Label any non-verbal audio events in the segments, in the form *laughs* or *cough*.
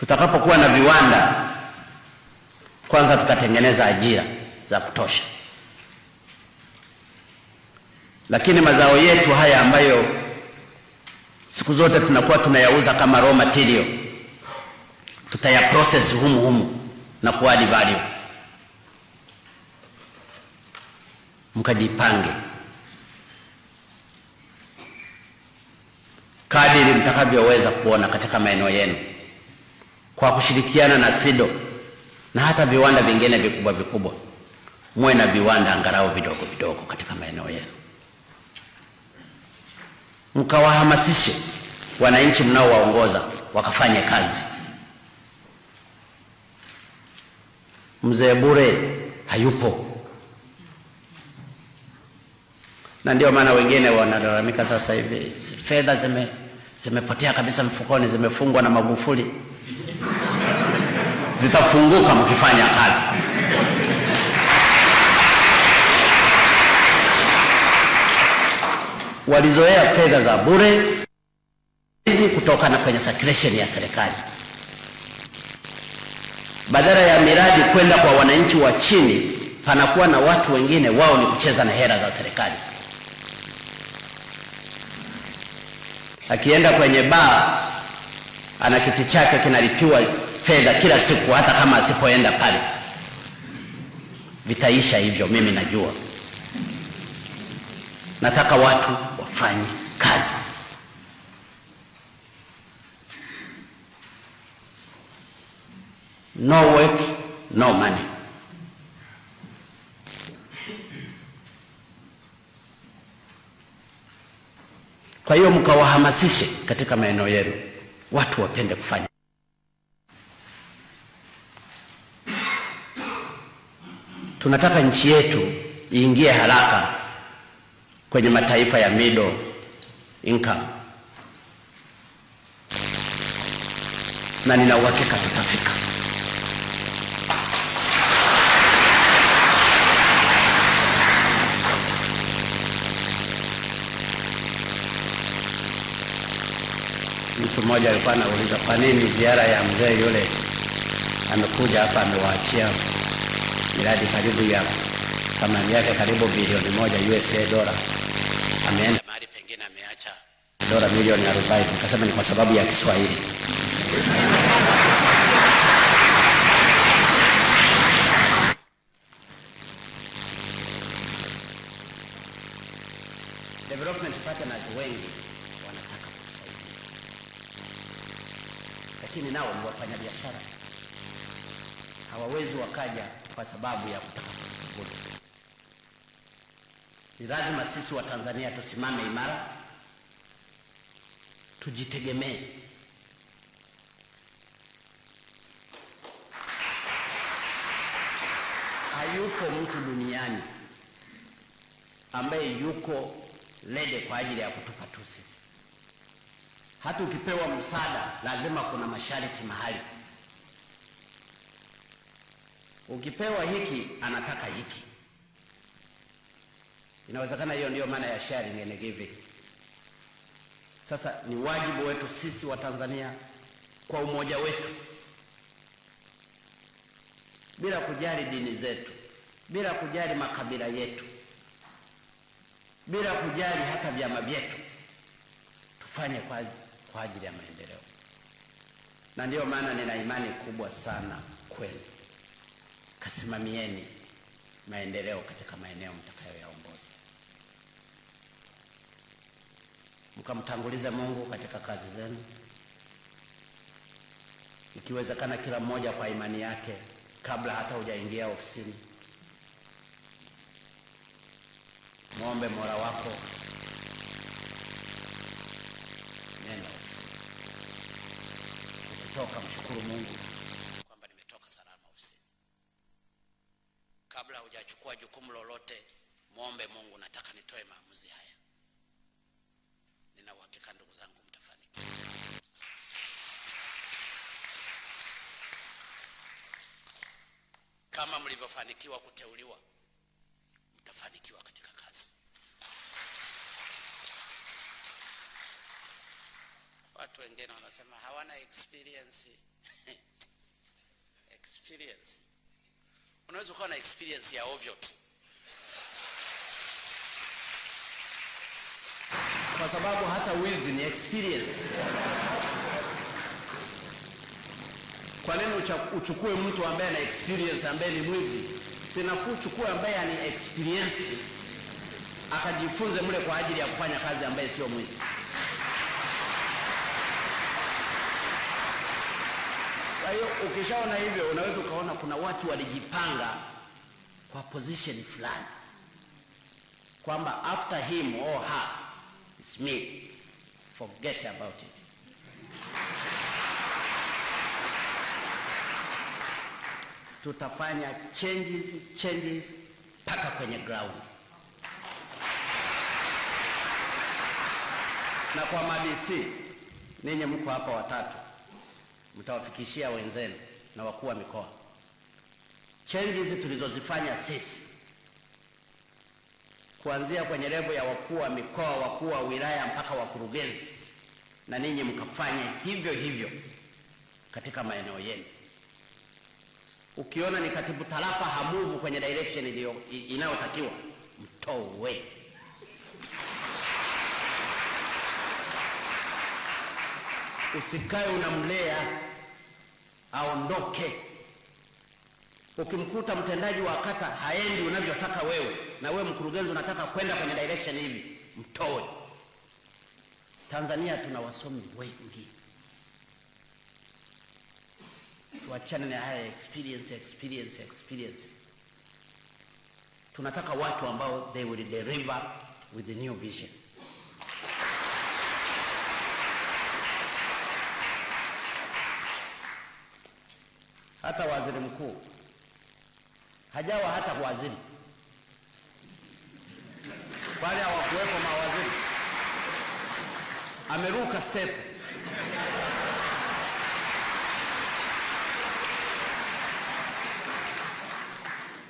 Tutakapokuwa na viwanda, kwanza tutatengeneza ajira za kutosha, lakini mazao yetu haya ambayo siku zote tunakuwa tunayauza kama raw material, process humu humu na kuadi value. Mkajipange kadiri mtakavyoweza kuona katika maeneo yenu kwa kushirikiana na SIDO na hata viwanda vingine vikubwa vikubwa, muwe na viwanda angalau vidogo vidogo katika maeneo yenu, mkawahamasishe wananchi mnaowaongoza wakafanye kazi. Mzee Bure hayupo, na ndio maana wengine wanalalamika sasa hivi fedha zime zimepotea kabisa mfukoni, zimefungwa na Magufuli. Zitafunguka mkifanya kazi. Walizoea fedha za bure hizi kutokana kwenye circulation ya serikali, badala ya miradi kwenda kwa wananchi wa chini, panakuwa na watu wengine wao ni kucheza na hela za serikali. akienda kwenye baa ana kiti chake kinalipiwa fedha kila siku, hata kama asipoenda pale. Vitaisha hivyo, mimi najua. Nataka watu wafanye kazi. No work, no money. Kwa hiyo mkawahamasishe katika maeneo yenu watu wapende kufanya. Tunataka nchi yetu iingie haraka kwenye mataifa ya middle income, na nina uhakika tutafika. mtu mmoja alikuwa anauliza kwa nini ziara ya mzee yule amekuja hapa amewaachia miradi karibu ya thamani yake karibu bilioni moja USA dola, ameenda mahali pengine ameacha dola milioni arobaini. Nikasema ni kwa sababu ya Kiswahili development partners wengi lakini nao ni wafanyabiashara, hawawezi wakaja kwa sababu ya kutaka kujivunia. Ni lazima sisi Watanzania tusimame imara, tujitegemee. Hayupo mtu duniani ambaye yuko lede kwa ajili ya kutupa tu sisi. Hata ukipewa msaada lazima kuna masharti mahali. Ukipewa hiki anataka hiki, inawezekana hiyo ndiyo maana ya sharing and giving. Sasa ni wajibu wetu sisi wa Tanzania kwa umoja wetu, bila kujali dini zetu, bila kujali makabila yetu, bila kujali hata vyama vyetu, tufanye kwa kwa ajili ya maendeleo, na ndiyo maana nina imani kubwa sana kwenu. Kasimamieni maendeleo katika maeneo mtakayoyaongoza, mkamtangulize Mungu katika kazi zenu, ikiwezekana kila mmoja kwa imani yake, kabla hata hujaingia ofisini. Mwombe Mola wako neno ukitoka mshukuru Mungu kwamba nimetoka salama ofisini. Kabla hujachukua jukumu lolote, mwombe Mungu, nataka nitoe maamuzi haya. Nina uhakika ndugu zangu mtafanikiwa. Kama mlivyofanikiwa kuteuliwa, mtafanikiwa katika kazi. Watu wengine wanasema hawana experience *laughs* experience. Unaweza ukawa na experience ya ovyo tu, kwa sababu hata wizi ni experience. Kwa nini uchukue mtu ambaye ana experience ambaye ni mwizi? Si nafuu uchukue ambaye ni experience akajifunze mle kwa ajili ya kufanya kazi ambaye sio mwizi. Kwa hiyo ukishaona hivyo, unaweza ukaona kuna watu walijipanga kwa position fulani kwamba after him or her it's me, forget about it. Tutafanya changes changes mpaka kwenye ground na kwa madc ninyi mko hapa watatu mtawafikishia wenzenu na wakuu wa mikoa. changes tulizozifanya sisi kuanzia kwenye levo ya wakuu wa mikoa, wakuu wa wilaya mpaka wakurugenzi, na ninyi mkafanye hivyo hivyo katika maeneo yenu. Ukiona ni katibu tarafa hamuvu kwenye direction inayotakiwa, mtowe. Usikae unamlea aondoke. Ukimkuta mtendaji wa kata haendi unavyotaka wewe, na wewe mkurugenzi unataka kwenda kwenye direction hivi, mtoe. Tanzania tuna wasomi wengi, tuachane na haya experience, experience, experience. Tunataka watu ambao they will deliver with the new vision. hata waziri mkuu hajawa hata waziri, kwani hawakuwepo mawaziri? Ameruka step.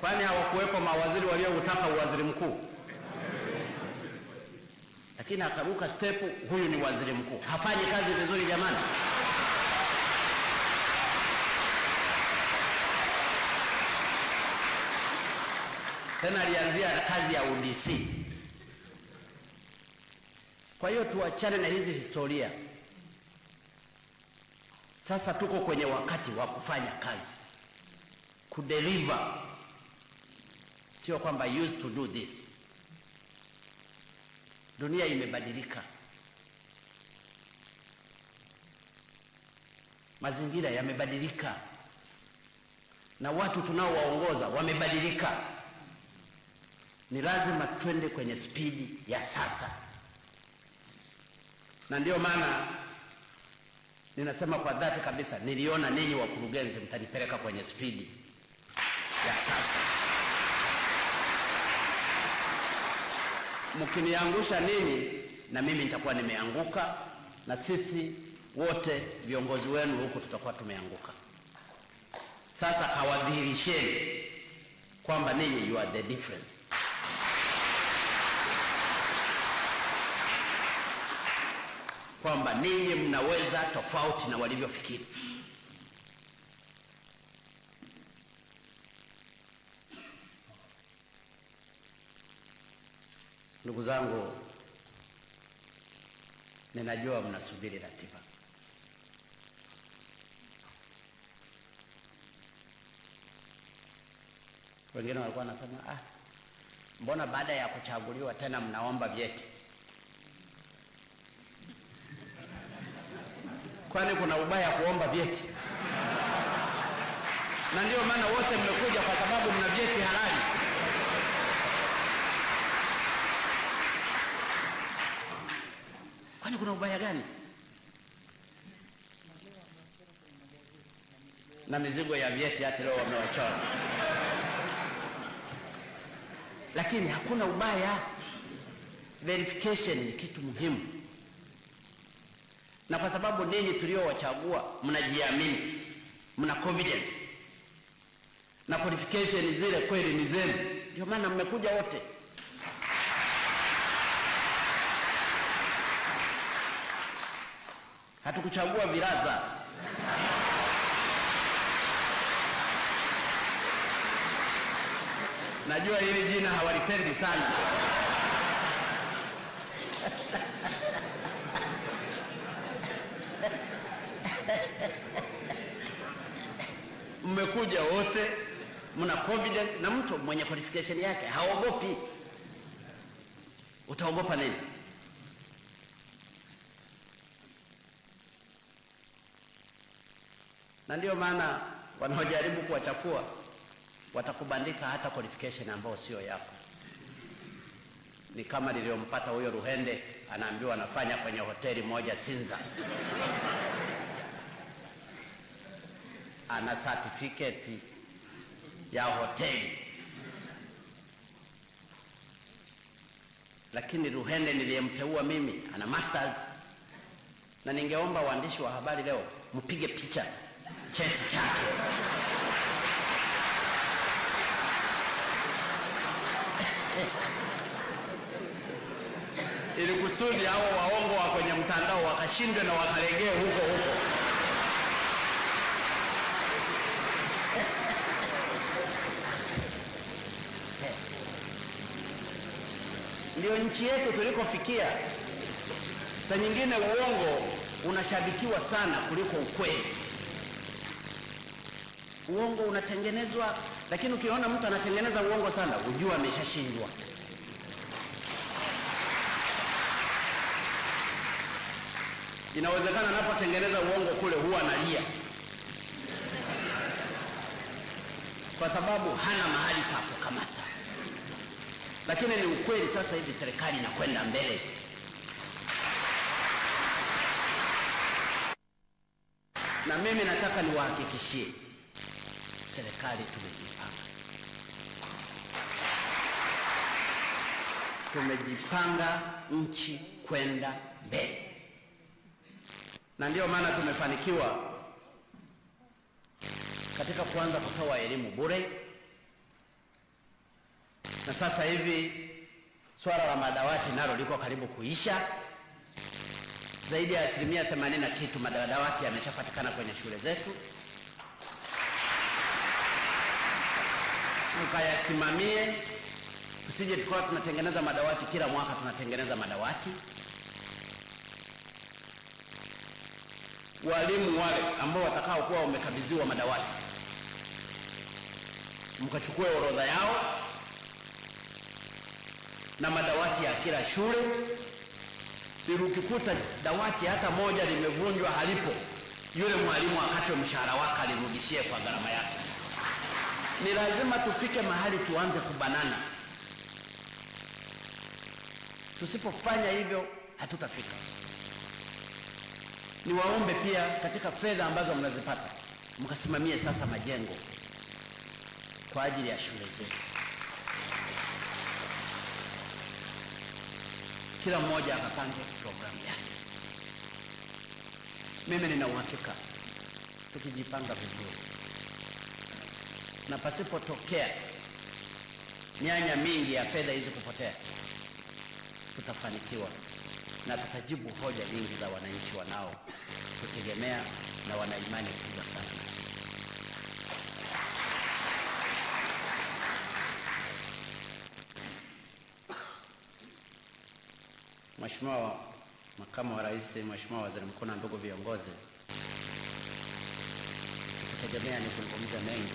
Kwani hawakuwepo mawaziri walioutaka uwaziri mkuu? Lakini akaruka step, huyu ni waziri mkuu. Hafanyi kazi vizuri jamani. tena alianzia kazi ya UDC. Kwa hiyo tuachane na hizi historia. Sasa tuko kwenye wakati wa kufanya kazi, kudeliver, sio kwamba used to do this. Dunia imebadilika, mazingira yamebadilika, na watu tunaowaongoza wamebadilika ni lazima twende kwenye spidi ya sasa, na ndiyo maana ninasema kwa dhati kabisa, niliona ninyi wakurugenzi mtanipeleka kwenye spidi ya sasa. Mkiniangusha ninyi, na mimi nitakuwa nimeanguka, na sisi wote viongozi wenu huku tutakuwa tumeanguka. Sasa kawadhihirisheni kwamba ninyi you are the difference. kwamba ninyi mnaweza tofauti na walivyofikiri. Ndugu zangu, ninajua mnasubiri ratiba. Wengine walikuwa wanasema ah, mbona baada ya kuchaguliwa tena mnaomba vyeti? kwani kuna ubaya kuomba vyeti? Na ndio maana wote mmekuja kwa sababu mna vyeti halali. Kwani kuna ubaya gani? Na mizigo ya vyeti hata leo wamewachora. Lakini hakuna ubaya. Verification ni kitu muhimu na kwa sababu ninyi tuliowachagua mnajiamini, mna confidence na qualification zile kweli ni zenu, ndio maana mmekuja wote. Hatukuchagua viraza najua hili jina hawalipendi sana. mmekuja wote, mna confidence na mtu mwenye qualification yake haogopi. Utaogopa nini? Na ndio maana wanaojaribu kuwachafua watakubandika hata qualification ambayo sio yako. Ni kama liliyompata huyo Ruhende, anaambiwa anafanya kwenye hoteli moja Sinza ana certificate ya hoteli, lakini Ruhende niliyemteua mimi ana masters. Na ningeomba waandishi wa habari leo mpige picha cheti chake ili kusudi hao waongo wa kwenye mtandao wakashindwe na wakalegee huko huko. ndio nchi yetu tulikofikia. sa nyingine uongo unashabikiwa sana kuliko ukweli. Uongo unatengenezwa, lakini ukiona mtu anatengeneza uongo sana, hujua ameshashindwa. Inawezekana anapotengeneza uongo kule huwa analia kwa sababu hana mahali pa kukamata lakini ni ukweli. Sasa hivi serikali inakwenda mbele. Na mimi nataka niwahakikishie serikali tumejipanga, tumejipanga nchi kwenda mbele, na ndiyo maana tumefanikiwa katika kuanza kutoa elimu bure na sasa hivi swala la madawati nalo liko karibu kuisha. Zaidi ya asilimia themanini na kitu madawati yameshapatikana kwenye shule zetu. mkayasimamie tusije tukawa tunatengeneza madawati kila mwaka, tunatengeneza madawati. Walimu wale ambao watakao kuwa wamekabidhiwa madawati, mkachukue orodha yao na madawati ya kila shule. Ukikuta dawati hata moja limevunjwa halipo, yule mwalimu akate mshahara wake alirudishie kwa gharama yake. Ni lazima tufike mahali tuanze kubanana. Tusipofanya hivyo hatutafika. Niwaombe pia katika fedha ambazo mnazipata mkasimamie sasa majengo kwa ajili ya shule zetu. kila mmoja akapange programu yake. Mimi nina uhakika tukijipanga vizuri na pasipotokea mianya mingi ya fedha hizi kupotea, tutafanikiwa na tutajibu hoja nyingi za wananchi wanao tutegemea na wanaimani kubwa sana. na sisi Mheshimiwa Makamu wa Rais, Mheshimiwa Waziri Mkuu na ndugu viongozi, sikutegemea nizungumze mengi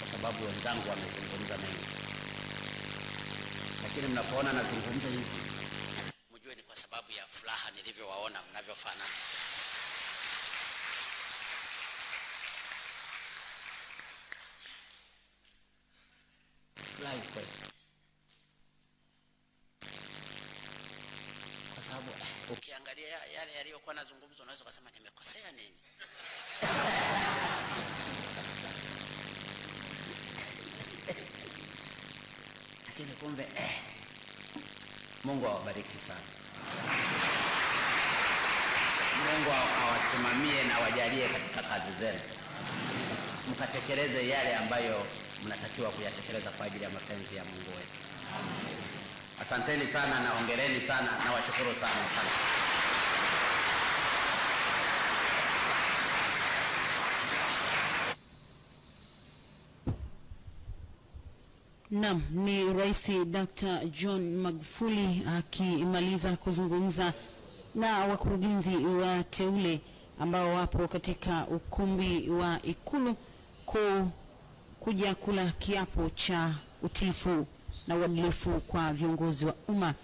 kwa sababu wenzangu wamezungumza mengi, lakini mnapoona nazungumza hivi mjue ni kwa sababu ya furaha nilivyowaona mnavyofanana. Furahi kweli. kumbe eh, Mungu awabariki sana. Mungu awasimamie na wajalie katika kazi zenu, mkatekeleze yale ambayo mnatakiwa kuyatekeleza kwa ajili ya mapenzi ya Mungu wetu. Asanteni sana na ongereni sana na washukuru sana sana. Naam, ni Rais Dr. John Magufuli akimaliza kuzungumza na wakurugenzi wa teule ambao wapo katika ukumbi wa Ikulu ku, kuja kula kiapo cha utiifu na uadilifu kwa viongozi wa umma.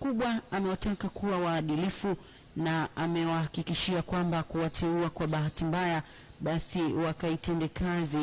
Kubwa amewataka kuwa waadilifu na amewahakikishia kwamba kuwateua kwa bahati mbaya basi wakaitende kazi.